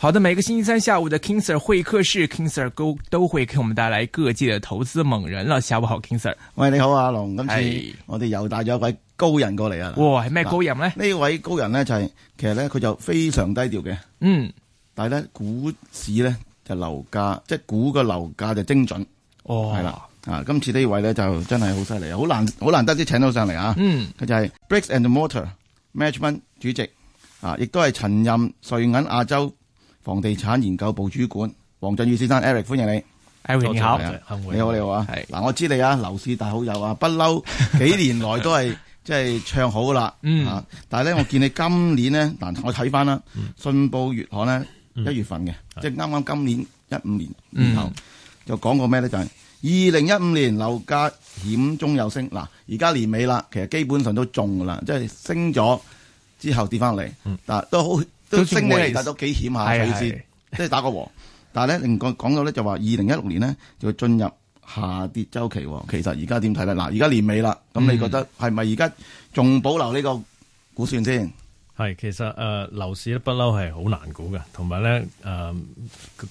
好的，每個星期三下午嘅 King Sir 會客室，King Sir 都都會給我們帶來各界嘅投資猛人了。下午好，King Sir。喂，你好，阿龍。今次我哋又帶咗一位高人過嚟啊。哇，係咩高人咧？呢位高人咧就係其實咧佢就非常低調嘅。嗯，但係咧股市咧就樓價即係股嘅樓價就精準哦，係啦啊。今次呢位咧就真係好犀利，好難好難得啲請到上嚟啊。嗯，佢就係 Bricks and Mortar Management 主席啊，亦都係曾任瑞銀亞洲。房地產研究部主管王震宇先生 Eric，歡迎你，Eric 你好。你好你好啊，嗱是我知你啊，樓市大好友啊，不嬲幾年來都係即係唱好噶啦，吓， 但係咧我見你今年咧，嗱我睇翻啦，信報月刊咧 一月份嘅，即係啱啱今年一五年年就講過咩咧，就係二零一五年樓價險中有升，嗱而家年尾啦，其實基本上都中噶啦，即係升咗之後跌翻嚟，但都好。都升起嚟，但都幾險下，意思是是 即係打個和。但係咧，另講講到咧，就話二零一六年咧就進入下跌周期。其實而家點睇咧？嗱，而家年尾啦，咁你覺得係咪而家仲保留個估呢個估算先？係，其實誒、呃、樓市不嬲係好難估嘅，同埋咧誒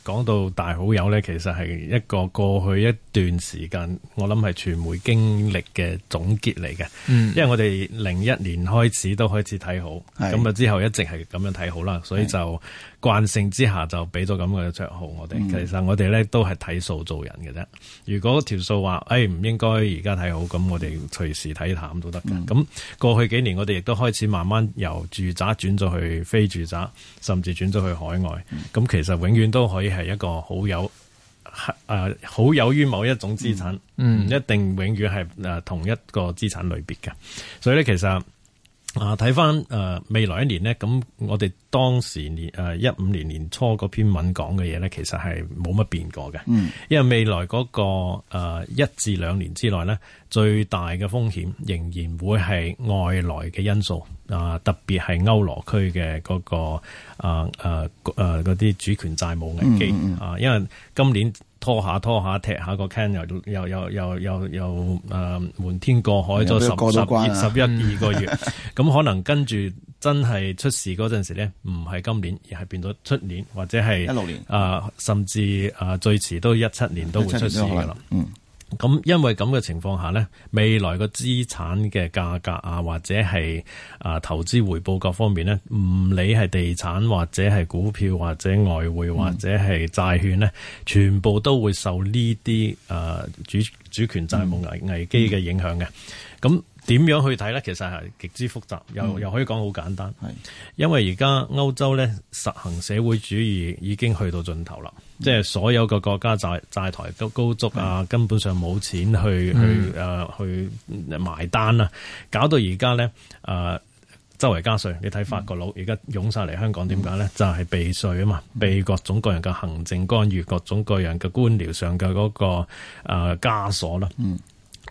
講到大好友咧，其實係一個過去一段時間我諗係傳媒經歷嘅總結嚟嘅，嗯、因為我哋零一年開始都開始睇好，咁啊是之後一直係咁樣睇好啦，所以就。慣性之下就俾咗咁嘅綽號我哋，嗯、其實我哋咧都係睇數做人嘅啫。如果條數話，誒、哎、唔應該而家睇好，咁我哋隨時睇淡都得㗎。咁、嗯、過去幾年我哋亦都開始慢慢由住宅轉咗去非住宅，甚至轉咗去海外。咁、嗯、其實永遠都可以係一個好友誒好、呃、友於某一種資產，唔、嗯、一定永遠係誒同一個資產類別嘅。所以咧，其實。啊！睇翻誒未來一年呢，咁、嗯、我哋當時年誒一五年年初嗰篇文講嘅嘢呢，其實係冇乜變過嘅。嗯，因為未來嗰、嗰個、呃、一至兩年之內呢，最大嘅風險仍然會係外來嘅因素啊、呃，特別係歐羅區嘅嗰、嗰個誒誒嗰啲主權債務危機、嗯嗯嗯、啊，因為今年。拖下拖下，踢下個 can 又又又又又又誒，呃、門天過海瞞天過海咗十能能、啊、十二一二個月，咁 可能跟住真係出事嗰陣時咧，唔係今年，而係變咗出年或者係一六年啊、呃，甚至啊、呃、最遲都一七年都會出事啦，嗯。咁，因為咁嘅情況下呢，未來個資產嘅價格啊，或者係啊投資回報各方面呢，唔理係地產或者係股票或者外匯或者係債券呢，全部都會受呢啲啊主主權債務危危機嘅影響嘅，咁。點樣去睇呢？其實係極之複雜，嗯、又又可以講好簡單。係是因為而家歐洲呢實行社會主義已經去到盡頭啦，嗯、即係所有嘅國家債債台都高築啊，根本上冇錢去、嗯啊、去誒、啊、去埋單啦，搞到而家呢，誒、啊、周圍加稅。你睇法國佬而家湧晒嚟香港，點解呢？就係、是、避稅啊嘛，避各種各樣嘅行政干預，各種各樣嘅官僚上嘅嗰、那個誒枷鎖啦。嗯。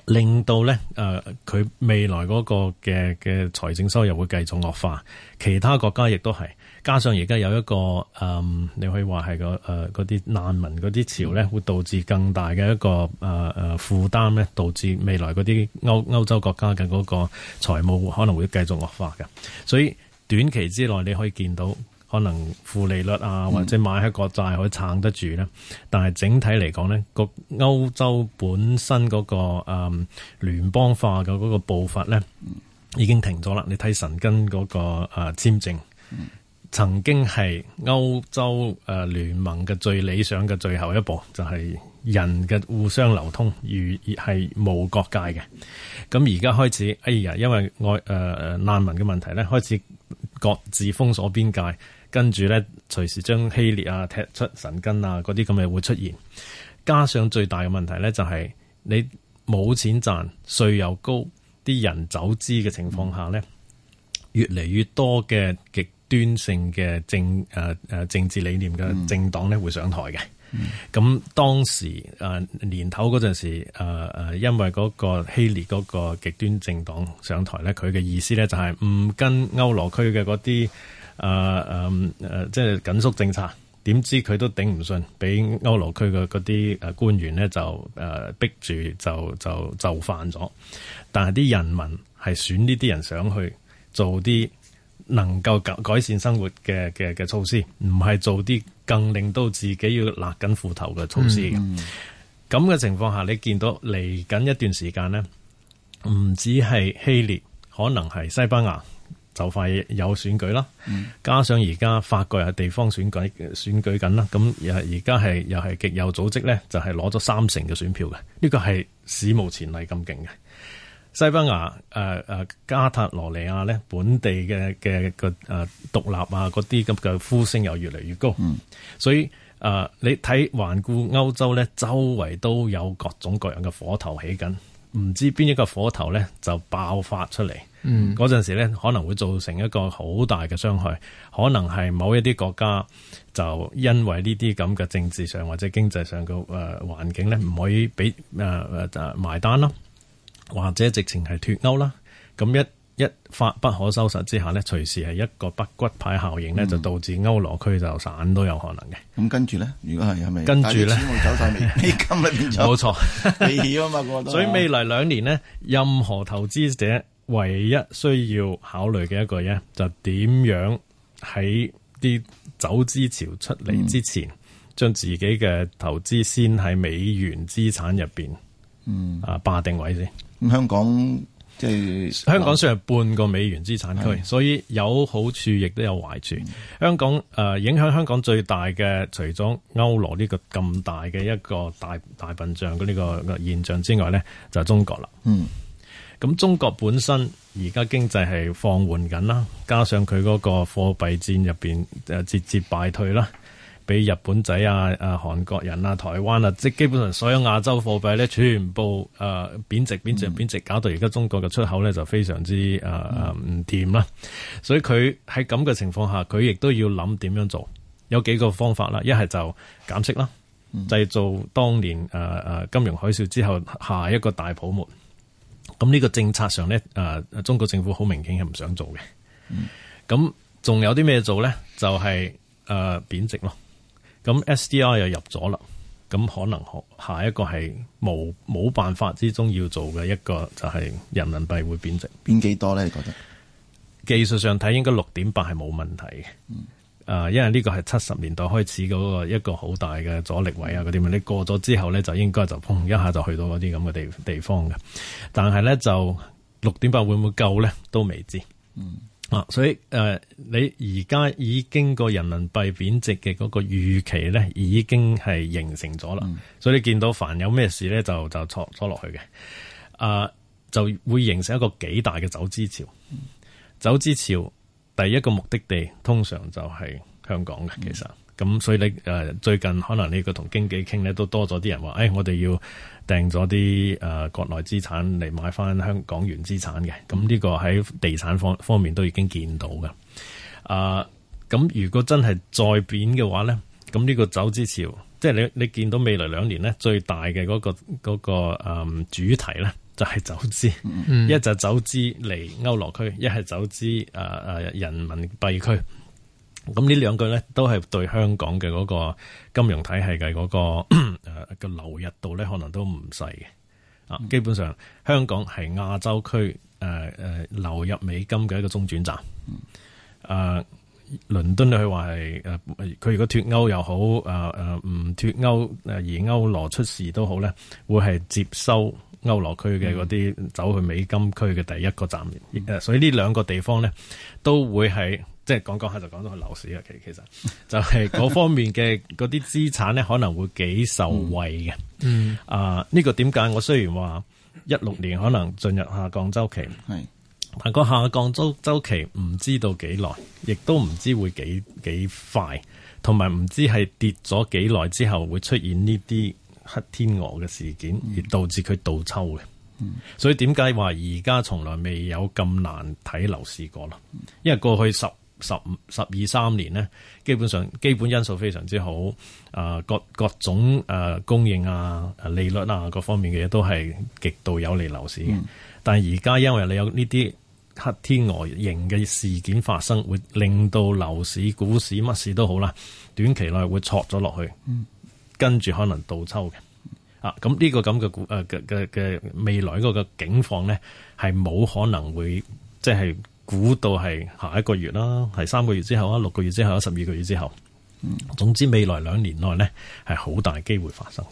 令到咧，誒、呃、佢未來嗰個嘅嘅財政收入會繼續惡化，其他國家亦都係，加上而家有一個誒、呃，你可以話係個誒嗰啲難民嗰啲潮咧，會導致更大嘅一個誒誒負擔咧，呃呃、導致未來嗰啲歐歐洲國家嘅嗰個財務可能會繼續惡化嘅，所以短期之內你可以見到。可能負利率啊，或者買一個債可以撐得住咧、啊。但係整體嚟講咧，個歐洲本身嗰、那個誒、嗯、聯邦化嘅嗰個步伐咧，嗯、已經停咗啦。你睇申根嗰、那個誒、啊、簽證，嗯、曾經係歐洲誒、呃、聯盟嘅最理想嘅最後一步，就係、是。人嘅互相流通，而係無國界嘅。咁而家開始，哎呀，因為愛誒誒難民嘅問題咧，開始各自封鎖邊界，跟住咧隨時將希臘啊踢出神根啊嗰啲咁嘅會出現。加上最大嘅問題咧、就是，就係你冇錢賺，稅又高，啲人走資嘅情況下咧，越嚟越多嘅極端性嘅政誒誒政治理念嘅政黨咧會上台嘅。咁、嗯、當時誒、呃、年頭嗰陣時誒、呃、因為嗰個希臘嗰個極端政黨上台咧，佢嘅意思咧就係唔跟歐羅區嘅嗰啲誒誒誒，即係緊縮政策。點知佢都頂唔順，俾歐羅區嘅嗰啲誒官員呢就誒逼住，就就就範咗。但係啲人民係選呢啲人上去做啲能夠改善生活嘅嘅嘅措施，唔係做啲。更令到自己要勒緊褲頭嘅措施。咁嘅、嗯嗯、情況下，你見到嚟緊一段時間呢，唔止係希臘，可能係西班牙就快有選舉啦。嗯、加上而家法國又係地方選舉選舉緊啦，咁而而家係又係極右組織呢，就係攞咗三成嘅選票嘅，呢、這個係史無前例咁勁嘅。西班牙誒誒、呃、加塔羅尼亞咧本地嘅嘅個誒獨立啊嗰啲咁嘅呼聲又越嚟越高，嗯、所以誒、呃、你睇環顧歐洲咧，周圍都有各種各樣嘅火頭起緊，唔知邊一個火頭咧就爆發出嚟，嗰陣、嗯、時咧可能會造成一個好大嘅傷害，可能係某一啲國家就因為呢啲咁嘅政治上或者經濟上嘅誒、呃、環境咧，唔可以俾誒誒埋單咯。呃呃或者直情係脫歐啦，咁一一發不可收拾之下咧，隨時係一個不骨牌效應咧，就導致歐羅區就散都有可能嘅。咁、嗯、跟住呢？如果係有未跟住呢？是是走晒美金入邊，冇錯，所以、嗯、錯 未來兩年呢，任何投資者唯一需要考慮嘅一個嘢，就點樣喺啲走資潮出嚟之前，將、嗯、自己嘅投資先喺美元資產入邊，嗯，啊，霸定位先。咁香港即係、就是、香港算係半個美元資產區，的所以有好處亦都有壞處。嗯、香港誒、呃，影響香港最大嘅，除咗歐羅呢個咁大嘅一個大大笨象嘅呢、這個現象之外呢就係、是、中國啦。嗯，咁中國本身而家經濟係放緩緊啦，加上佢嗰個貨幣戰入邊誒節節敗退啦。俾日本仔啊、啊韓國人啊、台灣啊，即基本上所有亞洲貨幣咧，全部誒、呃、貶值、貶值、貶值，搞到而家中國嘅出口咧就非常之誒唔掂啦。所以佢喺咁嘅情況下，佢亦都要諗點樣做，有幾個方法啦。一係就減息啦，製造當年誒誒、呃、金融海嘯之後下一個大泡沫。咁呢個政策上呢，誒、呃、中國政府好明顯係唔想做嘅。咁仲、嗯、有啲咩做呢？就係、是、誒、呃、貶值咯。咁 SDR 又入咗啦，咁可能下下一個係冇冇辦法之中要做嘅一個就係、是、人民幣會貶值，貶幾多咧？你覺得？技術上睇應該六點八係冇問題嘅，誒、嗯，因為呢個係七十年代開始嗰個一個好大嘅阻力位啊，嗰啲咪，你過咗之後咧就應該就砰一下就去到嗰啲咁嘅地地方嘅，但係咧就六點八會唔會夠咧都未知。嗯啊，所以誒、呃，你而家已經個人民幣貶值嘅嗰個預期咧，已經係形成咗啦。嗯、所以你見到凡有咩事咧，就就坐坐落去嘅，啊，就會形成一個幾大嘅走資潮。嗯、走資潮第一個目的地通常就係香港嘅，其實。嗯咁所以咧，誒、呃、最近可能你個同經紀傾咧，都多咗啲人話，誒、哎、我哋要訂咗啲誒國內資產嚟買翻香港元資產嘅。咁呢個喺地產方方面都已經見到㗎。啊、呃，咁如果真係再貶嘅話咧，咁呢個走資潮，即係你你見到未來兩年咧最大嘅嗰、那個嗰、那個嗯、主題咧，就係走資，嗯、一就走資嚟歐羅區，一係走資誒誒、呃、人民幣區。咁呢兩句咧，都係對香港嘅嗰個金融體系嘅嗰個誒流入度咧，可能都唔細嘅啊！基本上香港係亞洲區誒誒流入美金嘅一個中轉站。誒，倫敦佢話係誒佢如果脫歐又好，誒誒唔脫歐而歐羅出事都好咧，會係接收歐羅區嘅嗰啲走去美金區嘅第一個站。誒，所以呢兩個地方咧，都會係。即係講講下就講到去樓市啦。其實其實就係嗰方面嘅嗰啲資產咧，可能會幾受惠嘅。嗯。嗯。啊，呢個點解？我雖然話一六年可能進入下降週期，係，但個下降週週期唔知道幾耐，亦都唔知會幾幾快，同埋唔知係跌咗幾耐之後會出現呢啲黑天鵝嘅事件，而導致佢倒抽嘅。嗯。所以點解話而家從來未有咁難睇樓市過咯？因為過去十十十二三年呢，基本上基本因素非常之好，啊、呃、各各種誒、呃、供應啊、利率啊各方面嘅嘢都係極度有利樓市嘅。Yeah. 但係而家因為你有呢啲黑天鵝型嘅事件發生，會令到樓市、股市、乜事都好啦，短期內會挫咗落去，mm. 跟住可能倒抽嘅。啊，咁呢個咁嘅股誒嘅嘅嘅未來嗰個景況呢，係冇可能會即係。估到係下一個月啦，係三個月之後啊，六個月之後，十二個月之後。總之未來兩年內咧，係好大機會發生嘅。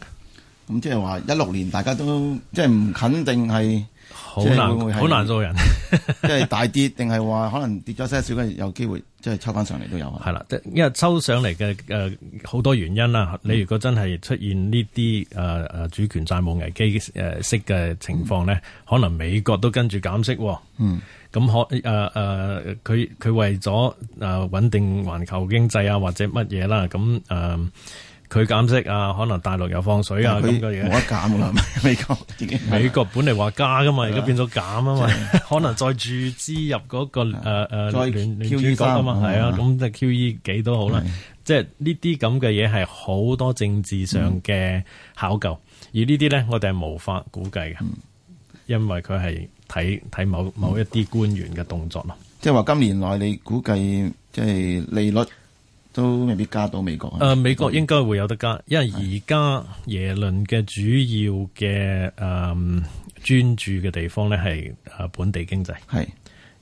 咁、嗯、即係話一六年大家都即係唔肯定，係好難好難做人， 即係大跌定係話可能跌咗些少嘅有機會。即係抽翻上嚟都有啊，係啦，即因為抽上嚟嘅誒好多原因啦、啊。你如果真係出現呢啲誒誒主權債務危機誒式嘅情況咧，嗯、可能美國都跟住減息、啊。嗯，咁可誒誒佢佢為咗誒穩定環球經濟啊，或者乜嘢啦，咁、呃、誒。佢減息啊，可能大陸又放水啊咁嘅嘢。冇得減啦，美國。美國本嚟話加㗎嘛，而家變咗減啊嘛。可能再注資入嗰個誒誒再 QE 㗎嘛。係啊，咁即係 QE 幾都好啦。即係呢啲咁嘅嘢係好多政治上嘅考究，而呢啲咧我哋係無法估計嘅，因為佢係睇睇某某一啲官員嘅動作咯。即係話今年內你估計即係利率。都未必加到美國。誒、呃，美國應該會有得加，因為而家耶倫嘅主要嘅誒是的、嗯、專注嘅地方咧係誒本地經濟。係，是的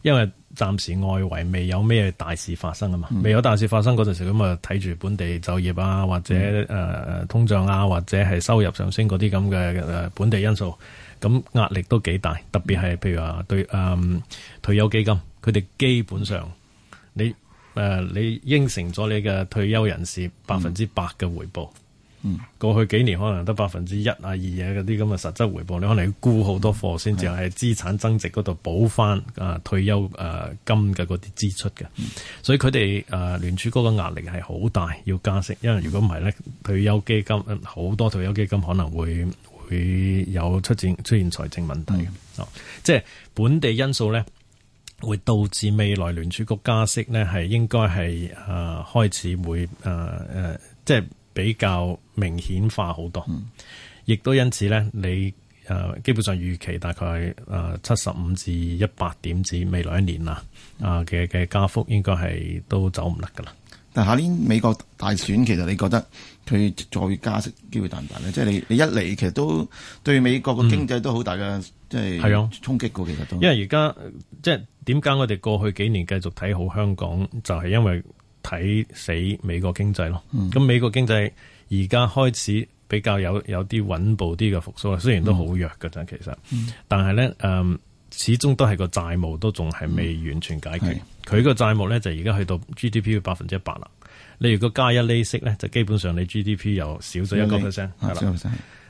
因為暫時外圍未有咩大事發生啊嘛，嗯、未有大事發生嗰陣時咁啊，睇住本地就業啊，或者誒、嗯啊、通脹啊，或者係收入上升嗰啲咁嘅誒本地因素，咁壓力都幾大。特別係譬如話對誒、嗯、退休基金，佢哋基本上你。嗯誒、呃，你應承咗你嘅退休人士百分之百嘅回報，嗯，過去幾年可能得百分之一啊二呀嗰啲咁嘅實質回報，你可能要沽好多貨先至喺資產增值嗰度補翻啊退休誒金嘅嗰啲支出嘅，嗯、所以佢哋誒聯儲局嘅壓力係好大，要加息，因為如果唔係咧，退休基金好、呃、多退休基金可能會會有出現出現財政問題、嗯、即係本地因素咧。會導致未來聯儲局加息呢係應該係誒、呃、開始會誒誒、呃呃，即係比較明顯化好多，亦、嗯、都因此呢，你、呃、誒基本上預期大概誒七十五至一百點至未來一年啦，啊嘅嘅加幅應該係都走唔甩噶啦。但下年美國大選，其實你覺得佢再加息機會大唔大咧？即係你你一嚟，其實都對美國嘅經濟都好大嘅即係衝擊過。其實都因為而家即係點解我哋過去幾年繼續睇好香港，就係、嗯、因為睇死美國經濟咯。咁、嗯、美國經濟而家開始比較有有啲穩步啲嘅復甦啦，雖然都好弱㗎啫。其實，嗯、但係咧誒，始終都係個債務都仲係未完全解決。嗯佢個債務咧就而家去到 GDP 百分之一百啦。你如果加一厘息咧，就基本上你 GDP 又少咗一個 percent，係啦。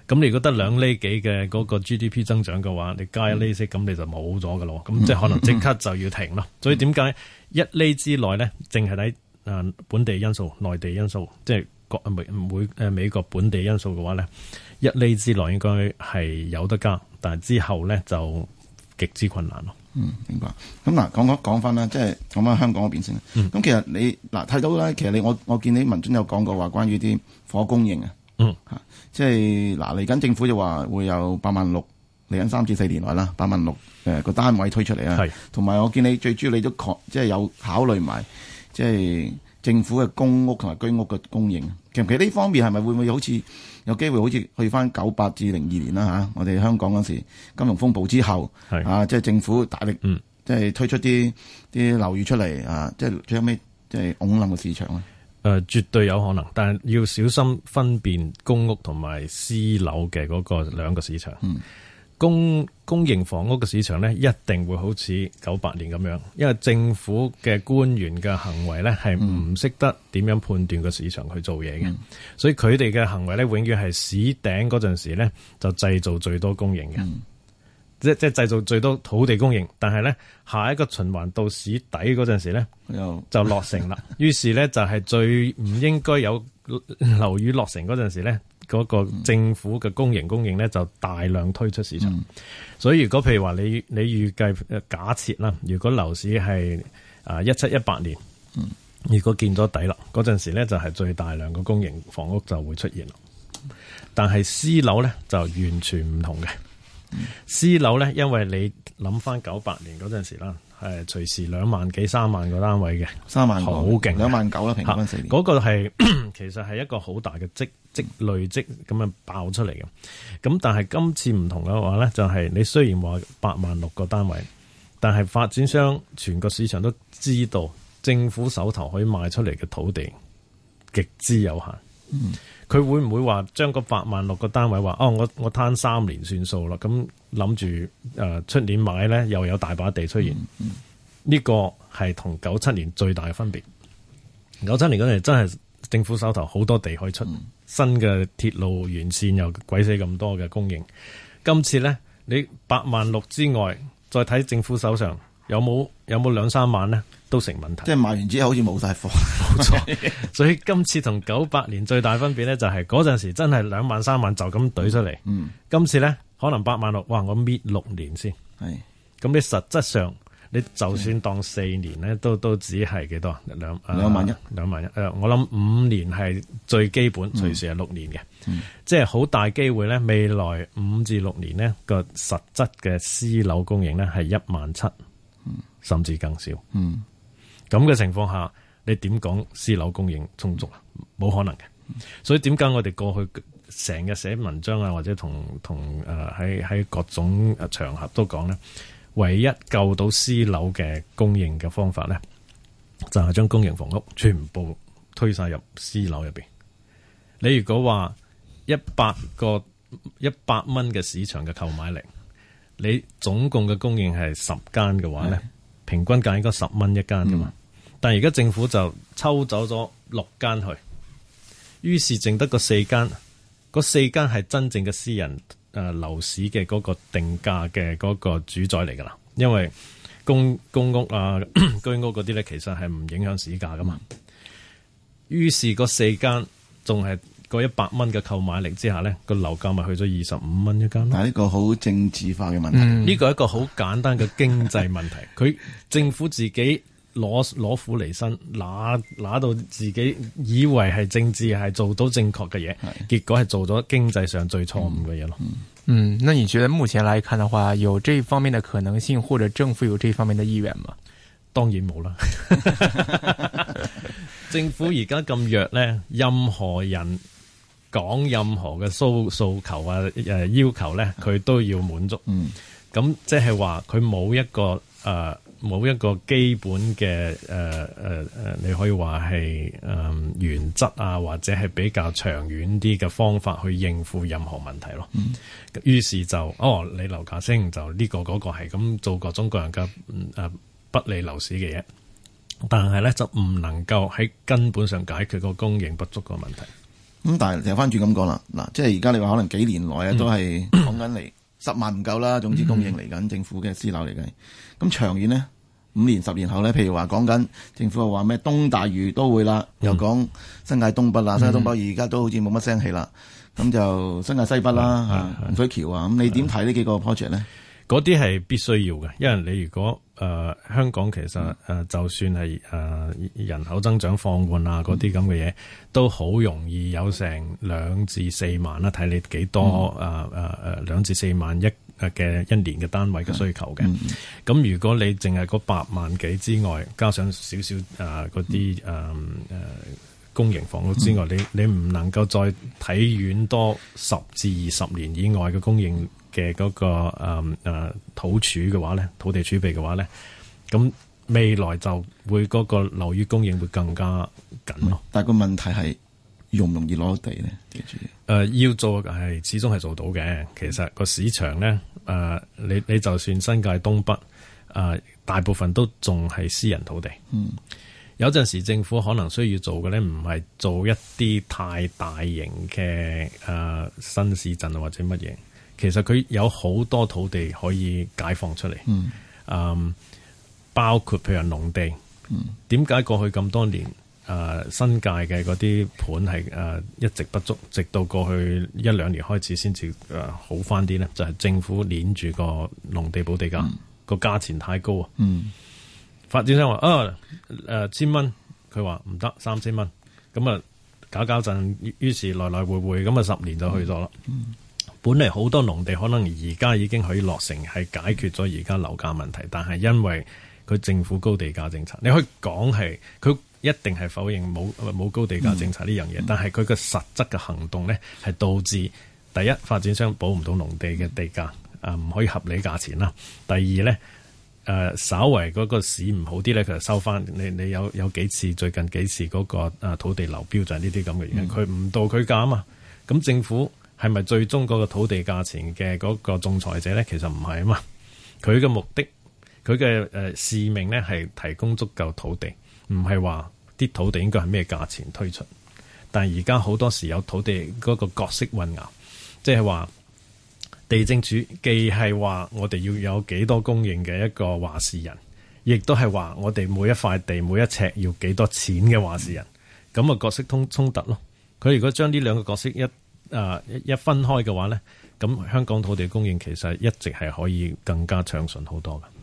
咁的 你如果得兩厘幾嘅嗰個 GDP 增長嘅話，你加一厘息，咁你就冇咗㗎咯。咁即係可能即刻就要停咯。 所以點解 一厘之內咧，淨係睇啊本地因素、內地因素，即係國唔會誒美國本地因素嘅話咧，一厘之內應該係有得加，但係之後咧就極之困難咯。嗯，明白。咁、嗯、嗱，講講講翻啦，即係講翻香港嗰邊先。咁、嗯、其實你嗱睇到咧，其實你我我見你文章有講過話，關於啲火供應啊，嚇、嗯，即係嗱嚟緊政府就話會有八萬六嚟緊三至四年內啦，八萬六誒個單位推出嚟啊，同埋是我見你最主要你都考即係有考慮埋即係政府嘅公屋同埋居屋嘅供應，其實呢方面係咪會唔會好似？有機會好似去翻九八至零二年啦嚇、啊，我哋香港嗰時金融風暴之後，是啊，即係政府大力，嗯、即係推出啲啲樓宇出嚟啊，即係最後尾即係拱冧個市場咯。誒、呃，絕對有可能，但係要小心分辨公屋同埋私樓嘅嗰個兩個市場。嗯公公營房屋嘅市場咧，一定會好似九八年咁樣，因為政府嘅官員嘅行為咧係唔識得點樣判斷個市場去做嘢嘅。嗯、所以佢哋嘅行為咧永遠係市頂嗰陣時咧就製造最多供應嘅，嗯、即即係製造最多土地供應，但係咧下一個循環到市底嗰陣時咧就落成啦，於是咧就係、是、最唔應該有樓宇落成嗰陣時咧。嗰個政府嘅公營供應咧，就大量推出市場。嗯、所以如果譬如話你你預計假設啦，如果樓市係啊一七一八年，嗯、如果建咗底樓嗰陣時咧，就係、是、最大量嘅公營房屋就會出現啦。但係私樓咧就完全唔同嘅。私樓咧，因為你諗翻九八年嗰陣時啦，係隨時兩萬幾三萬個單位嘅三萬好勁兩萬九啦，平均四年嗰、啊那個係其實係一個好大嘅積。積累積咁樣，爆出嚟嘅咁，但係今次唔同嘅話呢，就係、是、你雖然話八萬六個單位，但係發展商全個市場都知道政府手頭可以賣出嚟嘅土地極之有限。佢、嗯、會唔會話將個八萬六個單位話哦？我我攤三年算數啦，咁諗住誒出年買呢，又有大把地出現。呢、嗯嗯、個係同九七年最大嘅分別。九七年嗰陣真係政府手頭好多地可以出。嗯新嘅鐵路完善又鬼死咁多嘅供應，今次呢，你八萬六之外，再睇政府手上有冇有冇兩三萬呢？都成問題。即係賣完之後好似冇晒貨，冇錯錯。 所以今次同九八年最大分別呢、就是，就係嗰陣時真係兩萬三萬就咁懟出嚟。嗯，今次呢，可能八萬六，哇！我搣六年先。係是，咁你實質上。你就算當四年咧，都都只係幾多？兩、呃、兩萬一，兩萬一。誒，我諗五年係最基本，嗯、隨時係六年嘅。嗯、即係好大機會咧，未來五至六年呢，個實質嘅私樓供應咧係一萬七，嗯、甚至更少。嗯，咁嘅情況下，你點講私樓供應充足啊？冇可能嘅。嗯、所以點解我哋過去成日寫文章啊，或者同同誒喺喺各種誒場合都講咧？唯一救到私樓嘅供應嘅方法咧，就係將公營房屋全部推晒入私樓入邊。你如果話一百個一百蚊嘅市場嘅購買力，你總共嘅供應係十間嘅話咧，的平均價應該十蚊一間㗎嘛？嗯、但係而家政府就抽走咗六間去，於是淨得個四間，嗰四間係真正嘅私人。誒，樓市嘅嗰個定價嘅嗰個主宰嚟噶啦，因為公公屋啊、 居屋嗰啲咧，其實係唔影響市價噶嘛。於是嗰四間仲係嗰一百蚊嘅購買力之下，呢個樓價咪去咗二十五蚊一間咯。但係一個好政治化嘅問題，呢個、嗯、係一個好簡單嘅經濟問題，佢 政府自己。攞攞苦嚟辛，拿拿到自己以為係政治係做到正確嘅嘢，結果係做咗經濟上最錯誤嘅嘢咯。嗯，嗯，嗯，那你覺得目前來看嘅話，有這方面嘅可能性，或者政府有這方面嘅意願嘛？當然冇啦。 政府而家咁弱咧，任何人講任何嘅訴訴求啊誒、呃、要求咧，佢都要滿足。嗯，咁即係話佢冇一個誒。呃冇一個基本嘅誒誒誒，你可以話係誒原則啊，或者係比較長遠啲嘅方法去應付任何問題咯。於、嗯、是就哦，你樓價升，就、這、呢個嗰、那個係咁做個中國人嘅誒、呃、不利樓市嘅嘢，但係咧就唔能夠喺根本上解決個供應不足個問題。咁、嗯、但係調翻轉咁講啦，嗱，即係而家你話可能幾年內啊都係講緊嚟十萬唔夠啦，總之供應嚟緊，政府嘅私樓嚟緊。咁長遠呢，五年十年後咧，譬如話講緊政府又話咩東大嶼都會啦，嗯、又講新界東北啊，嗯、新界東北而家都好似冇乜聲氣啦，咁、嗯、就新界西北啦，洪、嗯、水橋啊，咁、嗯、你點睇呢幾個 project 呢？嗰啲係必須要嘅，因為你如果誒、呃、香港其實誒、呃、就算係誒、呃、人口增長放緩啊，嗰啲咁嘅嘢都好容易有成兩至四萬啦，睇你幾多誒誒誒兩至四萬一，嘅一年嘅單位嘅需求嘅，咁的如果你淨係嗰八萬幾之外，加上少少誒嗰啲誒誒公營房屋之外，你你唔能夠再睇遠多十至二十年以外嘅供應嘅嗰個誒、嗯啊、土儲嘅話咧，土地儲備嘅話咧，咁未來就會嗰個樓宇供應會更加緊咯。但係個問題係。容唔容易攞地咧？誒、呃，要做係，始終係做到嘅。其實個市場咧，誒、呃，你你就算新界東北，誒、呃，大部分都仲係私人土地。嗯，有陣時政府可能需要做嘅咧，唔係做一啲太大型嘅誒、呃、新市鎮或者乜嘢。其實佢有好多土地可以解放出嚟。嗯，誒、呃，包括譬如農地。嗯，點解過去咁多年？誒，新界嘅嗰啲盤係誒一直不足，直到過去一兩年開始先至誒好翻啲呢就係、是、政府捏住個農地補地價個價錢太高、嗯、啊！發展商話啊誒千蚊，佢話唔得三千蚊，咁啊搞搞陣，於是來來回回咁啊十年就去咗啦。本嚟好多農地可能而家已經可以落成，係解決咗而家樓價問題，但係因為佢政府高地價政策，你可以講係佢。一定係否認冇冇高地價政策呢樣嘢，嗯、但係佢個實質嘅行動呢，係導致第一發展商補唔到農地嘅地價啊，唔可以合理價錢啦。第二呢，誒、呃、稍為嗰個市唔好啲咧，佢就收翻你。你有有幾次最近幾次嗰個啊土地流標就係呢啲咁嘅嘢。佢唔、嗯、到佢價啊嘛。咁政府係咪最終嗰個土地價錢嘅嗰個仲裁者呢？其實唔係啊嘛。佢嘅目的佢嘅誒使命呢，係提供足夠土地。唔係話啲土地應該係咩價錢推出，但係而家好多時有土地嗰個角色混淆，即係話地政署既係話我哋要有幾多供應嘅一個話事人，亦都係話我哋每一塊地每一尺要幾多錢嘅話事人，咁啊角色通衝突咯。佢如果將呢兩個角色一啊、呃、一分開嘅話呢，咁香港土地供應其實一直係可以更加暢順好多嘅。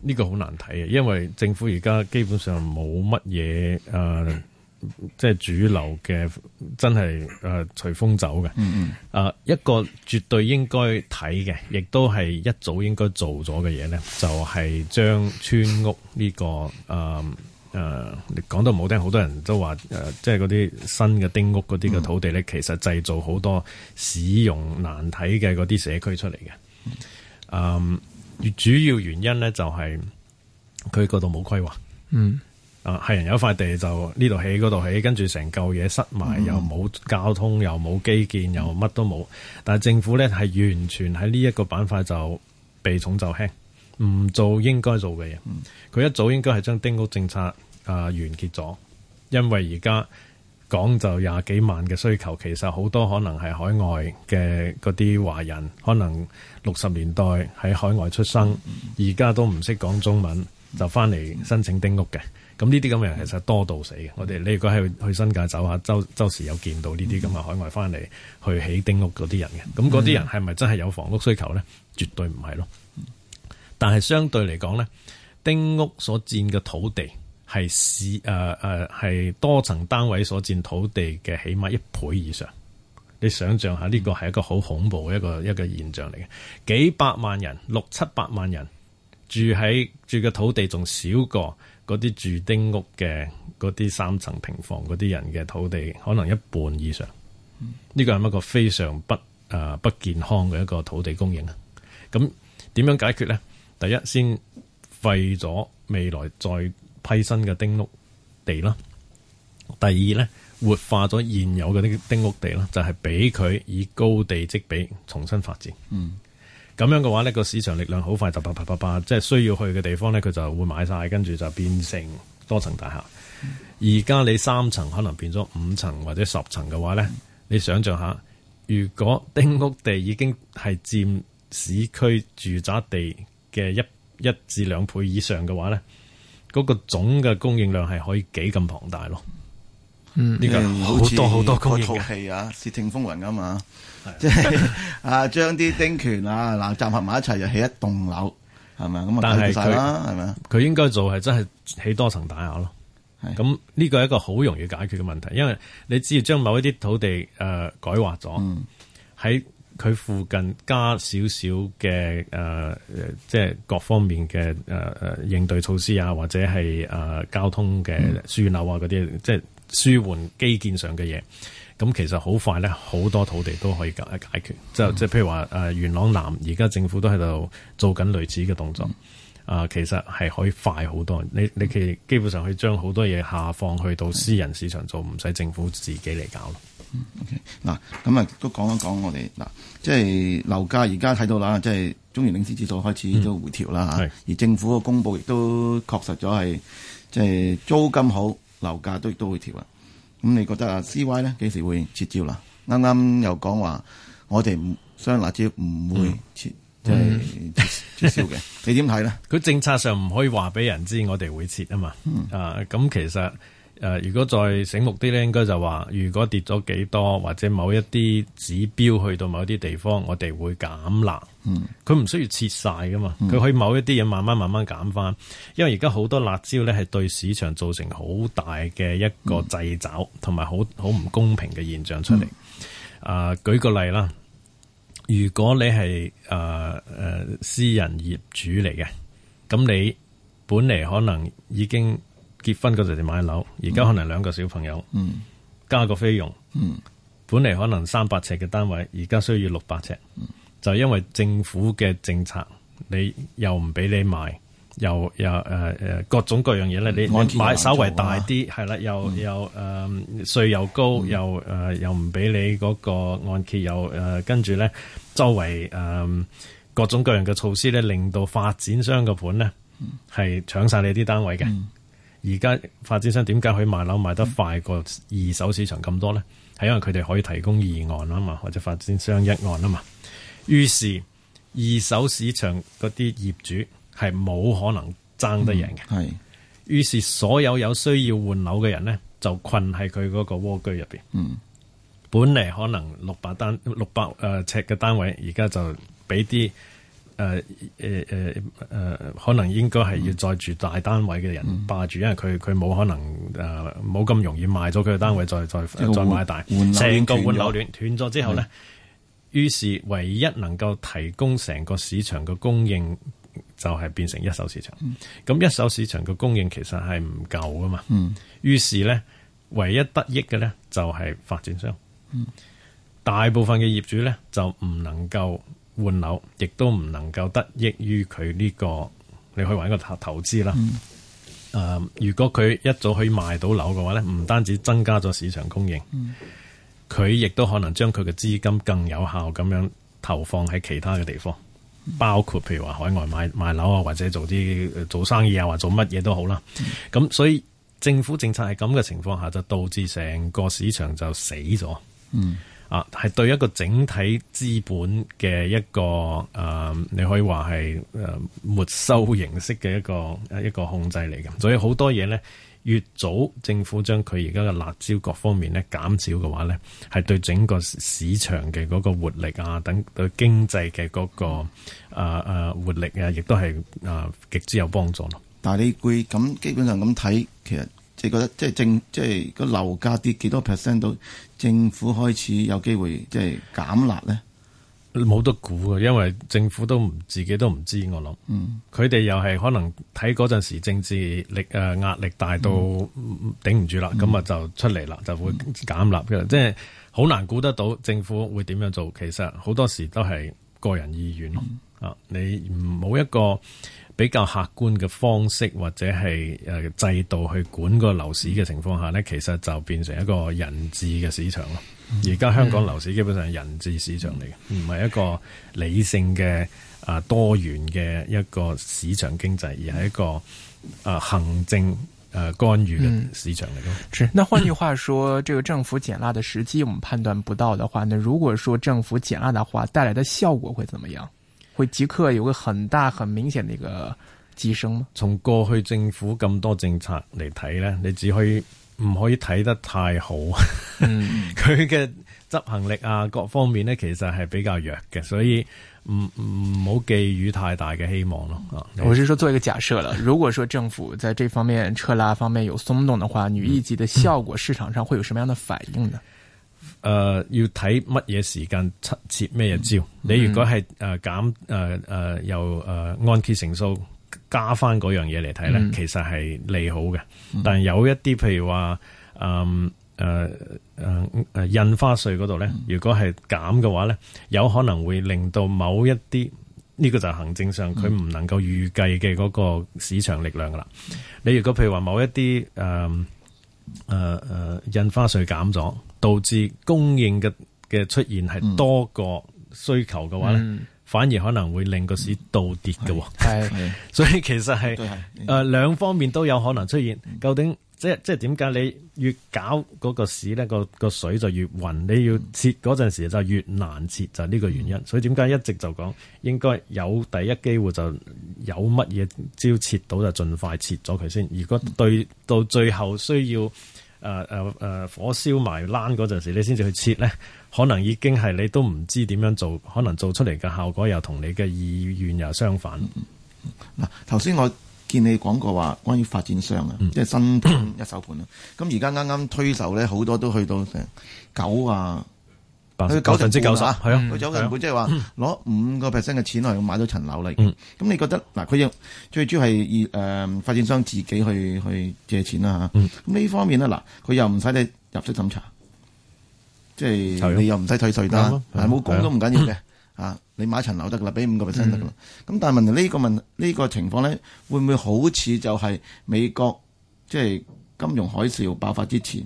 呢個好難睇嘅，因為政府而家基本上冇乜嘢誒，即係主流嘅真係誒、呃、隨風走嘅。誒、嗯嗯呃，一個絕對應該睇嘅，亦都係一早應該做咗嘅嘢咧，就係、是、將村屋呢、這個誒誒，你講、呃呃、得唔好聽，好多人都話誒、呃，即係嗰啲新嘅丁屋嗰啲嘅土地咧，嗯、其實製造好多市容難睇嘅嗰啲社區出嚟嘅、呃。嗯。主要原因咧就係佢嗰度冇規劃，嗯，啊係人有塊地就呢度起嗰度起，跟住成嚿嘢塞埋，嗯、又冇交通，又冇基建，又乜都冇。但係政府咧係完全喺呢一個板塊就避重就輕，唔做應該做嘅嘢。佢一早應該係將丁屋政策啊完結咗，因為而家。講就廿幾萬嘅需求，其實好多可能係海外嘅嗰啲華人，可能六十年代喺海外出生，而家都唔識講中文，就翻嚟申請丁屋嘅。咁呢啲咁嘅人其實多到死嘅。我哋，你如果係去新界走下，周週時有見到呢啲咁嘅海外翻嚟去起丁屋嗰啲人嘅。咁嗰啲人係咪真係有房屋需求呢？絕對唔係咯。但係相對嚟講呢，丁屋所佔嘅土地。係市誒誒，係多層單位所佔土地嘅起碼一倍以上。你想象下，呢個係一個好恐怖嘅一個一個現象嚟嘅。幾百萬人，六七百萬人住喺住嘅土地，仲少過嗰啲住丁屋嘅嗰啲三層平房嗰啲人嘅土地，可能一半以上。呢個係一個非常不誒不健康嘅一個土地供應。咁點樣解決咧？第一先廢咗未來再批新嘅丁屋地啦，第二咧，活化咗現有嘅啲丁屋地啦，就係俾佢以高地積比重新發展。嗯，咁樣嘅話呢個市場力量好快就啪啪啪啪，即係需要去嘅地方咧，佢就會買晒，跟住就變成多層大廈。而家、嗯、你三層可能變咗五層或者十層嘅話咧，嗯、你想象下，如果丁屋地已經係佔市區住宅地嘅一一,一至兩倍以上嘅話咧。嗰個總嘅供應量係可以幾咁龐大咯，嗯，呢個好多好多供應嘅套戲啊，竊聽風雲噶嘛，即係的 啊，將啲丁權啊嗱集 合埋一齊就起一棟樓，係咪啊？咁啊解決晒啦，係咪佢應該做係真係起多層大廈咯，咁呢的個係一個好容易解決嘅問題，因為你只要將某一啲土地誒、呃、改劃咗，喺、嗯。佢附近加少少嘅誒、呃，即係各方面嘅誒誒應對措施啊，或者係誒、呃、交通嘅疏流啊嗰啲，即係舒緩基建上嘅嘢。咁其實好快咧，好多土地都可以解解決。就即係譬如話誒、呃，元朗南而家政府都喺度做緊類似嘅動作。啊、呃，其實係可以快好多。你你其基本上可以將好多嘢下放去到私人市場做，唔使政府自己嚟搞咯。o k 嗱，咁啊、okay。都講一講我哋嗱，即係樓價而家睇到啦，即係中原領先指數開始都回調啦吓，嗯、而政府嘅公布亦都確實咗係，即係租金好，樓價都亦都會調啊。咁、嗯、你覺得啊，C Y 咧幾時會撤招啦？啱啱又講話我哋唔雙辣招唔會撤，嗯、即係撤銷嘅，嗯、 你點睇呢？佢政策上唔可以話俾人知我哋會撤、嗯、啊嘛，啊咁其實。誒、呃，如果再醒目啲咧，應該就話，如果跌咗幾多或者某一啲指標去到某啲地方，我哋會減辣。佢唔、嗯、需要切晒噶嘛，佢、嗯、可以某一啲嘢，慢慢慢慢減翻。因為而家好多辣椒呢，係對市場造成好大嘅一個掣肘，同埋好好唔公平嘅現象出嚟。啊、嗯呃，舉個例啦，如果你係誒誒私人業主嚟嘅，咁你本嚟可能已經。結婚嗰陣時買樓，而家可能兩個小朋友，加個菲傭，本嚟，可能三百尺嘅單位，而家需要六百尺，就因為政府嘅政策，你又唔俾你賣，又又誒誒各種各樣嘢咧，你買稍微大啲係啦，又又誒稅又高，又誒又唔俾你嗰個按揭，又誒跟住咧周圍誒各種各樣嘅措施咧，令到發展商嘅盤咧係搶曬你啲單位嘅。而家發展商點解可以賣樓賣得快過二手市場咁多呢？係、嗯、因為佢哋可以提供二按啊嘛，或者發展商一按啊嘛。於是二手市場嗰啲業主係冇可能爭得贏嘅。係、嗯，係於是所有有需要換樓嘅人呢，就困喺佢嗰個蝸居入邊。嗯，本嚟可能六百單六百誒呎嘅單位，而家就俾啲。誒誒誒誒，可能應該係要再住大單位嘅人霸住，嗯、因為佢佢冇可能誒冇咁容易賣咗佢嘅單位再，再再知道再買大，成個換樓鏈斷咗之後呢，於是，是的是唯一能夠提供成個市場嘅供應，就係變成一手市場。咁、嗯嗯、一手市場嘅供應其實係唔夠噶嘛。於、嗯、是呢，唯一得益嘅呢就係、是、發展商。大部分嘅業主呢就唔能夠。換樓，亦都唔能夠得益於佢呢、呢個，你可以話一個投投資啦。誒、嗯，如果佢一早可以賣到樓嘅話呢，唔單止增加咗市場供應，佢、嗯、亦都可能將佢嘅資金更有效咁樣投放喺其他嘅地方，嗯、包括譬如話海外買賣，賣樓啊，或者做啲做生意啊，或者做乜嘢都好啦。咁、嗯、所以政府政策係咁嘅情況下，就導致成個市場就死咗。嗯。啊，係對一個整體資本嘅一個誒、呃，你可以話係誒沒收形式嘅一個一個控制嚟嘅，所以好多嘢咧，越早政府將佢而家嘅辣招各方面咧減少嘅話咧，係對整個市場嘅嗰個活力啊，等對經濟嘅嗰、嗰個誒誒、呃啊、活力啊，亦都係誒、呃、極之有幫助咯。但係你咁基本上咁睇，其實。即係覺得，即係政，即係個樓價跌幾多 percent 到，政府開始有機會即係減辣咧？冇得估嘅，因為政府都唔自己都唔知，我諗。嗯，佢哋又係可能睇嗰陣時政治力誒、呃、壓力大到頂唔住啦，咁啊、嗯、就出嚟啦，嗯、就會減辣嘅。即係好難估得到政府會點樣做，其實好多時都係個人意願。嗯啊！你冇一個比較客觀嘅方式或者係誒、呃、制度去管個樓市嘅情況下呢，其實就變成一個人治嘅市場咯。而家、嗯、香港樓市基本上係人治市場嚟嘅，唔係、嗯、一個理性嘅啊、呃、多元嘅一個市場經濟，而係一個啊、呃、行政誒、呃、干預嘅市場嚟嘅、嗯。是。那換句話說， 這個政府減辣的時機我們判斷不到的話，呢如果說政府減辣的話，帶來的效果會怎麼樣？會即刻有個很大很明顯嘅一個提升嗎？從過去政府咁多政策嚟睇呢，你只可以唔可以睇得太好，佢嘅執行力啊，各方面呢，其實係比較弱嘅，所以唔唔好寄予太大嘅希望咯。嗯啊，我是說做一個假設啦，如果說政府在這方面撤辣方面有鬆動的話，女一級的效果市場上會有什麼樣的反應呢？嗯嗯誒、呃，要睇乜嘢時間，切咩嘢招？嗯、你如果係誒減誒誒由誒按揭成數加翻嗰樣嘢嚟睇咧，嗯、其實係利好嘅。嗯、但係有一啲譬如話，嗯誒誒誒印花稅嗰度咧，如果係減嘅話咧，有可能會令到某一啲呢、這個就係行政上佢唔能夠預計嘅嗰個市場力量噶啦。你如果譬如話某一啲誒誒誒印花稅減咗。導致供應嘅嘅出現係多過需求嘅話咧，嗯、反而可能會令個市倒跌嘅。係、嗯， 所以其實係誒、呃、兩方面都有可能出現。嗯、究竟即即點解你越搞嗰個市咧，嗰個、嗰個水就越混？你要切嗰陣時就越難切，嗯、就係呢個原因。所以點解一直就講應該有第一機會就有乜嘢招切到就盡快切咗佢先。如果對到最後需要。誒誒誒，火燒埋欄嗰陣時，你先至去切咧，可能已經係你都唔知點樣做，可能做出嚟嘅效果又同你嘅意願又相反。嗱、嗯，頭先我見你講過話，關於發展商啊，嗯、即係新一手盤啦。咁而家啱啱推售咧，好多都去到成九啊。佢九成即係九十，係啊，佢九成半，即係話攞五個 percent 嘅錢去買咗層樓嚟。咁你覺得嗱？佢要最主要係，誒、呃，發展商自己去去借錢啦吓。咁呢方面咧，嗱，佢又唔使你入息審查，即係你又唔使退稅單，冇供都唔緊要嘅。啊，你買層樓得噶啦，俾五個 percent 得噶啦。咁但係問題呢個問呢個情況咧，會唔會好似就係美國即係金融海嘯爆發之前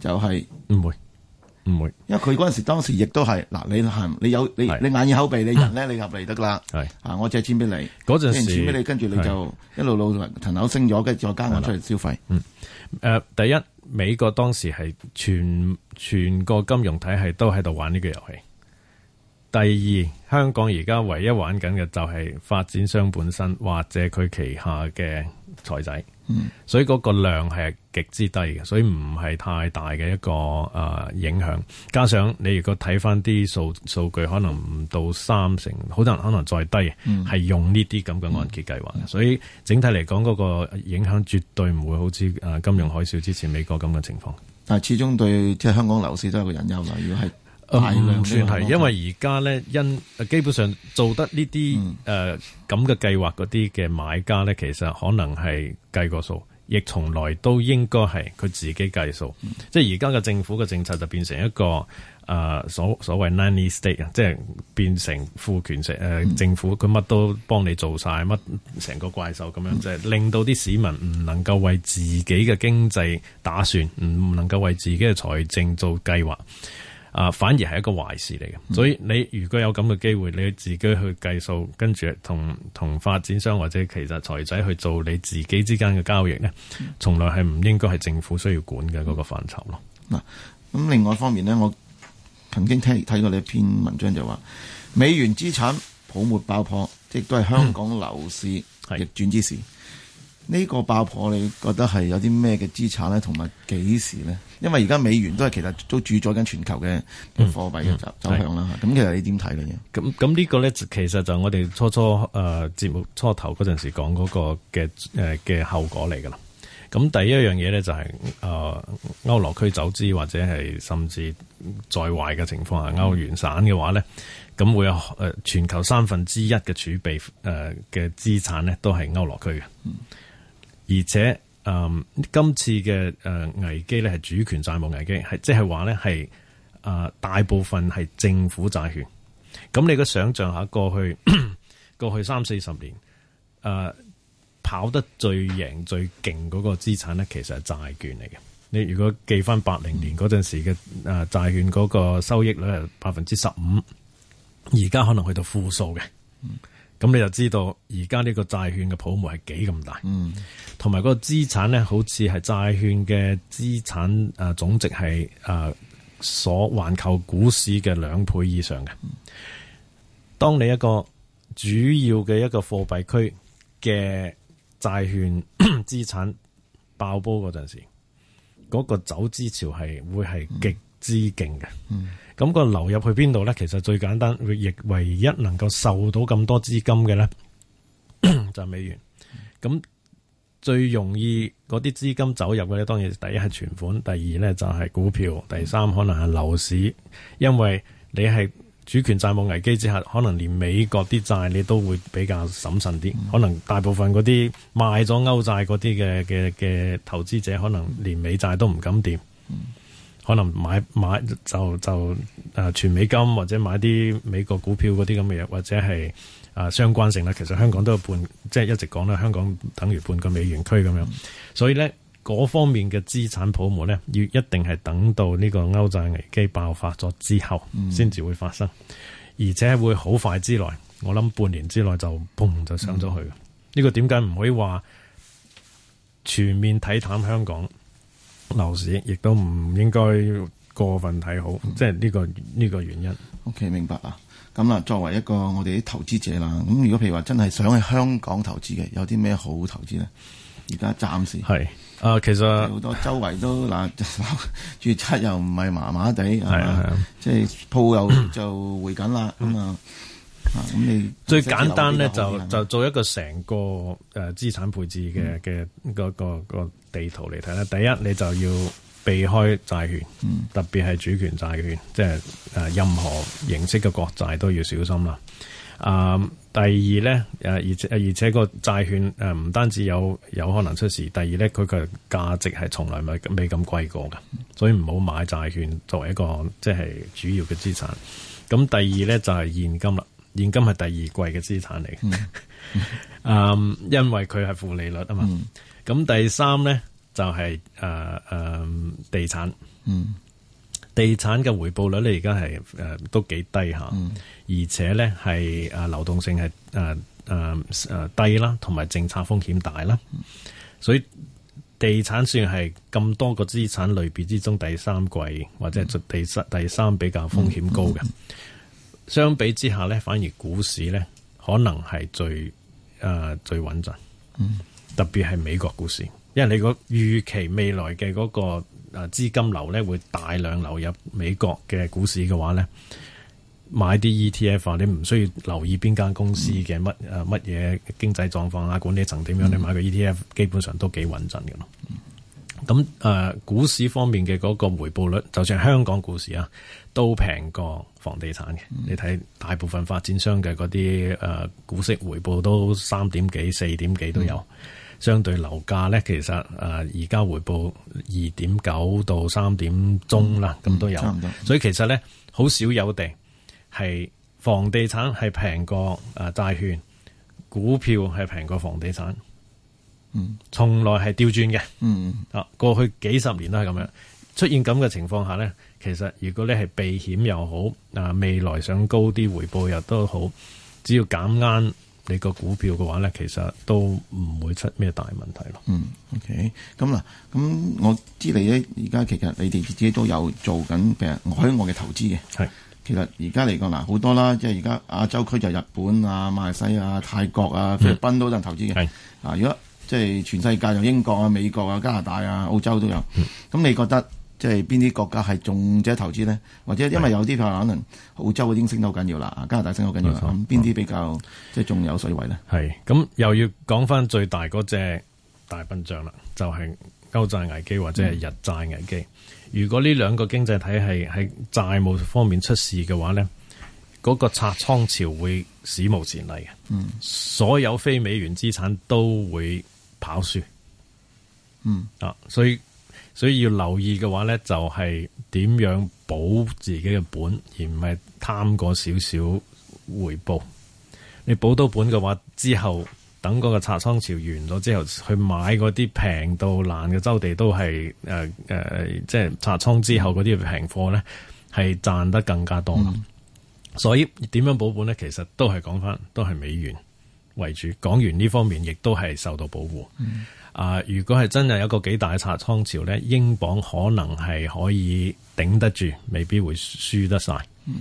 就係唔誒 誒 會？唔會，因為佢嗰陣時當時亦都係，嗱你行，你有你是的 你眼耳口鼻，你人咧你入嚟得啦。係的，啊我借錢俾你，跟住俾你，跟住你就一路路層樓升咗，跟住再加我出嚟消費。嗯，誒、呃，第一美國當時係全全個金融體系都喺度玩呢個遊戲。第二香港而家唯一玩緊嘅就係發展商本身或者佢旗下嘅。財仔、嗯，所以嗰個量係極之低嘅，所以唔係太大嘅一個誒、呃、影響。加上你如果睇返啲數數據，可能唔到三成，好多人可能再低，係、嗯、用呢啲咁嘅按揭計劃。嗯嗯、所以整體嚟講，嗰、那個影響絕對唔會好似誒金融海嘯之前美國咁嘅情況、嗯嗯嗯。但係始終對即係香港樓市都有個隱憂啦，如果係。係算係，因為而家咧，因基本上做得呢啲誒咁嘅計劃嗰啲嘅買家咧，其實可能係計過數，亦從來都應該係佢自己計數。嗯、即係而家嘅政府嘅政策就變成一個誒、呃、所所謂 nanny state 啊，即係變成賦權政誒、呃嗯、政府，佢乜都幫你做晒，乜成個怪獸咁樣，即係令到啲市民唔能夠為自己嘅經濟打算，唔唔能夠為自己嘅財政做計劃。啊，反而係一個壞事嚟嘅，所以你如果有咁嘅機會，你要自己去計數，跟住同同發展商或者其實財仔去做你自己之間嘅交易呢，從來係唔應該係政府需要管嘅嗰個範疇咯。嗱、嗯，咁另外一方面呢，我曾經聽睇過你一篇文章就話，美元資產泡沫爆破，即都係香港樓市逆轉之時。嗯呢個爆破，你覺得係有啲咩嘅資產咧，同埋幾時呢？因為而家美元都係其實都主宰緊全球嘅貨幣嘅走向啦。咁、嗯嗯、其實你點睇嘅嘢？咁咁呢個咧，其實就我哋初初誒節、呃、目初頭嗰陣時講嗰個嘅誒嘅後果嚟㗎啦。咁、嗯嗯、第一樣嘢咧就係、是、誒、呃、歐羅區走資或者係甚至在壞嘅情況下歐元散嘅話咧，咁會有誒、呃、全球三分之一嘅儲備誒嘅資產咧都係歐羅區嘅。嗯而且，嗯，今次嘅誒危機咧係主權債務危機，係即係話咧係誒大部分係政府債券。咁你都想象下，過去咳咳過去三四十年誒、呃、跑得最贏最勁嗰個資產咧，其實係債券嚟嘅。你如果記翻八零年嗰陣時嘅誒、呃、債券嗰個收益率係百分之十五，而家可能去到負數嘅。嗯咁你就知道而家呢個債券嘅泡沫係幾咁大，同埋嗰個資產咧，好似係債券嘅資產誒、呃、總值係誒、呃、所環球股市嘅兩倍以上嘅。當你一個主要嘅一個貨幣區嘅債券資、嗯、 產爆煲嗰陣時，嗰、嗰個走資潮係會係極之勁嘅。嗯嗯咁個流入去邊度咧？其實最簡單，亦唯一能夠受到咁多資金嘅咧， 就係，美元。咁，嗯、最容易嗰啲資金走入嘅咧，當然第一係存款，第二咧就係股票，第三可能係樓市。因為你係主權債務危機之下，可能連美國啲債你都會比較審慎啲。嗯、可能大部分嗰啲賣咗歐債嗰啲嘅嘅嘅投資者，可能連美債都唔敢掂。嗯可能買買就就誒、呃、全美金或者買啲美國股票嗰啲咁嘅嘢，或者係誒、呃、相關性啦。其實香港都有半，即係一直講咧，香港等於半個美元區咁樣。所以呢嗰方面嘅資產泡沫呢，要一定係等到呢個歐債危機爆發咗之後，先至、嗯、會發生，而且會好快之內。我諗半年之內就砰就上咗去。呢、嗯、個點解唔可以話全面睇淡香港？樓市亦都唔應該過分睇好，即係呢個呢個原因。OK，明白啦。咁啊，作為一個我哋啲投資者啦，咁如果譬如話真係想去香港投資嘅，有啲咩好投資呢？而家暫時係啊，其實好多周圍都嗱，住宅又唔係麻麻地，係啊係啊，即係鋪又就回緊啦咁啊。咁你最簡單呢，就就做一個成個誒資產配置嘅嘅個個個。地圖嚟睇咧，第一你就要避開債券，嗯、特別係主權債券，即係誒任何形式嘅國債都要小心啦。啊、嗯，第二咧誒，而且而且個債券誒唔單止有有可能出事，第二咧佢嘅價值係從來未未咁貴過嘅，所以唔好買債券作為一個即係、就是、主要嘅資產。咁第二咧就係、是、現金啦，現金係第二貴嘅資產嚟嘅，嗯， 嗯，因為佢係負利率啊嘛。嗯咁第三咧就係誒誒地產，嗯，地產嘅回報率咧而家係誒都幾低吓，而且咧係誒流動性係誒誒誒低啦，同埋政策風險大啦，所以地產算係咁多個資產類別之中第三季，或者係第三第三比較風險高嘅。嗯嗯、相比之下咧，反而股市咧可能係最誒、呃、最穩陣。嗯。特別係美國股市，因為你個預期未來嘅嗰個誒資金流咧會大量流入美國嘅股市嘅話咧，買啲 ETF 你唔需要留意邊間公司嘅乜誒乜嘢經濟狀況啊管理層點樣，你買個 ETF 基本上都幾穩陣嘅咯。咁誒、啊，股市方面嘅嗰個回報率，就算香港股市啊，都平過房地產嘅。嗯、你睇大部分發展商嘅嗰啲誒股息回報都三點幾、四點幾都有。嗯相對樓價咧，其實誒而家回報二點九到三點鐘啦，咁都有，嗯、所以其實咧好少有地係房地產係平過誒、呃、債券，股票係平過房地產，嗯，從來係調轉嘅，嗯，啊過去幾十年都係咁樣，出現咁嘅情況下咧，其實如果你係避險又好，啊未來想高啲回報又都好，只要揀啱，你個股票嘅話咧，其實都唔會出咩大問題咯。嗯，OK，咁嗱，咁我知你咧，而家其實你哋自己都有做緊嘅海外嘅投資嘅。係是，其實而家嚟講嗱，好多啦，即係而家亞洲區就日本啊、馬來西亞、泰國啊、菲律賓都都有投資嘅。係是，啊，如果即係全世界有英國啊、美國啊、加拿大啊、澳洲都有。咁是你覺得？即係邊啲國家係重者投資呢？或者因為有啲是可能澳洲已經升得好緊要啦，加拿大升好緊要，咁邊啲比較、嗯、即係仲有水位呢？係咁又要講翻最大嗰隻大笨象啦，就係歐債危機或者係日債危機。嗯、如果呢兩個經濟體系喺債務方面出事嘅話呢，嗰、嗰個拆倉潮會史無前例嘅。嗯，所有非美元資產都會跑輸。嗯啊，所以。所以要留意嘅話咧，就係、是、點樣保自己嘅本，而唔係貪個少少回報。你保到本嘅話，之後等嗰個拆倉潮完咗之後，去買嗰啲平到爛嘅州地都，都係誒誒，即係拆倉之後嗰啲平貨咧，係賺得更加多。嗯、所以點樣保本咧，其實都係講翻，都係美元。為主，港元呢方面亦都係受到保護。嗯、啊，如果係真係有一個幾大嘅拆倉潮咧，英鎊可能係可以頂得住，未必會輸得晒。嗯、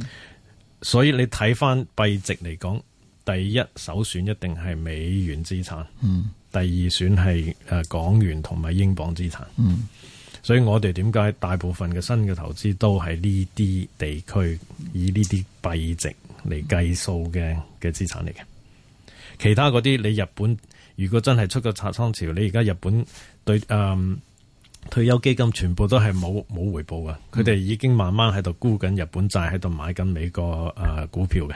所以你睇翻幣值嚟講，第一首選一定係美元資產。嗯，第二選係誒港元同埋英鎊資產。嗯，所以我哋點解大部分嘅新嘅投資都係呢啲地區以呢啲幣值嚟計數嘅嘅資產嚟嘅。其他嗰啲你日本如果真係出咗拆倉潮，你而家日本對誒、呃、退休基金全部都係冇冇回報噶，佢哋已經慢慢喺度沽緊日本債，喺度買緊美國誒、呃、股票嘅。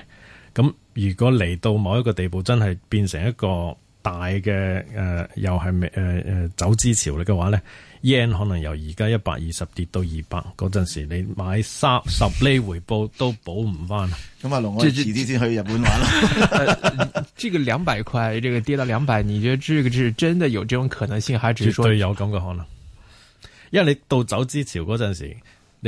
咁如果嚟到某一個地步，真係變成一個大嘅誒、呃，又係誒誒走資潮，嚟嘅話咧，yen 可能由而家一百二十跌到二百嗰陣時，你買三十厘回報都補唔翻。咁啊， 龍哥，即係遲啲先去日本玩啦。這個兩百塊，這個跌到兩百，你覺得這個是真的有這種可能性，還是說有咁嘅可能？因為你到走資潮嗰陣時。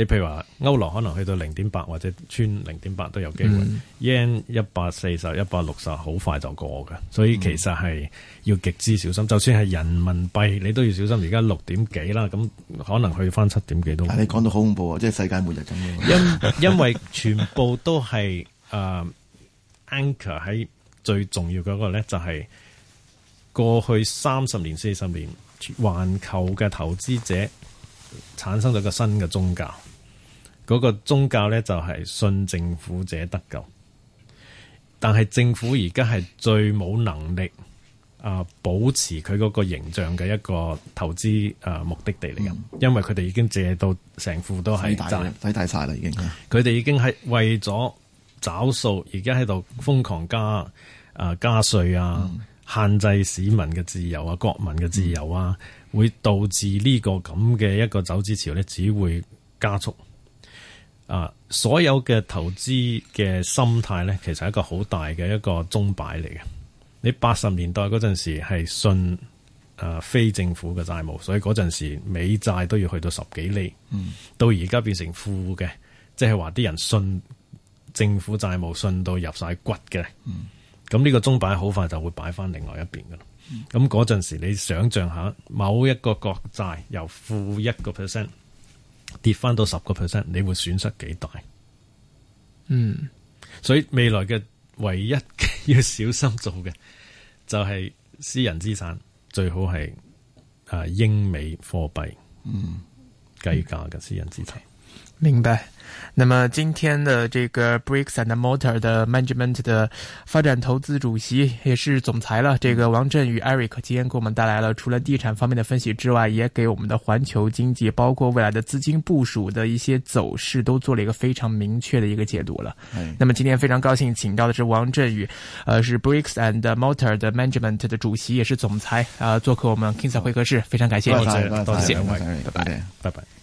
你譬如話歐羅可能去到零點八或者穿零點八都有機會，yen 一百四十、一百六十好快就過㗎，所以其實係要極之小心。嗯、就算係人民幣，你都要小心。而家六點幾啦，咁可能去翻七點幾都。但你講到好恐怖啊，即係世界末日咁樣。因 因為全部都係誒、uh, anchor 喺最重要嘅嗰個咧，就係、是、過去三十年、四十年環球嘅投資者產生咗個新嘅宗教。嗰個宗教咧就係、是、信政府者得救，但係政府而家係最冇能力啊、呃，保持佢嗰個形象嘅一個投資誒、呃、目的地嚟噶。因為佢哋已經借到成副都係大晒啦，已經佢哋已經係為咗找數，而家喺度瘋狂加誒、呃、加稅啊，嗯、限制市民嘅自由啊，國民嘅自由啊，嗯、會導致呢個咁嘅一個走資潮咧，只會加速。啊，所有嘅投資嘅心態咧，其實係一個好大嘅一個鐘擺嚟嘅。你八十年代嗰陣時係信啊非政府嘅債務，所以嗰陣時美債都要去到十幾厘，嗯、到而家變成負嘅，即係話啲人信政府債務信到入晒骨嘅。咁呢、嗯、個鐘擺好快就會擺翻另外一邊噶啦。咁嗰陣時你想象下，某一個國債由負一個 percent。跌翻到十個 percent，你會損失幾大？嗯，所以未來嘅唯一要小心做嘅就係私人資產，最好係誒英美貨幣嗯計價嘅私人資產。明白，那麼今天的這個 Bricks and Mortar 的 Management 的發展投資主席也是總裁了，這個王震宇 Eric 今天給我們帶來了除了地產方面的分析之外，也給我們的環球經濟包括未來的資金部署的一些走勢都做了一個非常明確的一個解讀了。哎、那麼今天非常高興請到的是王震宇，呃是 Bricks and Mortar 的 Management 的主席也是總裁，啊、呃、做客我們 King Sir 會客室，非常感謝你，多、嗯、謝，謝，多謝，謝，謝，謝，拜拜，拜拜。拜拜。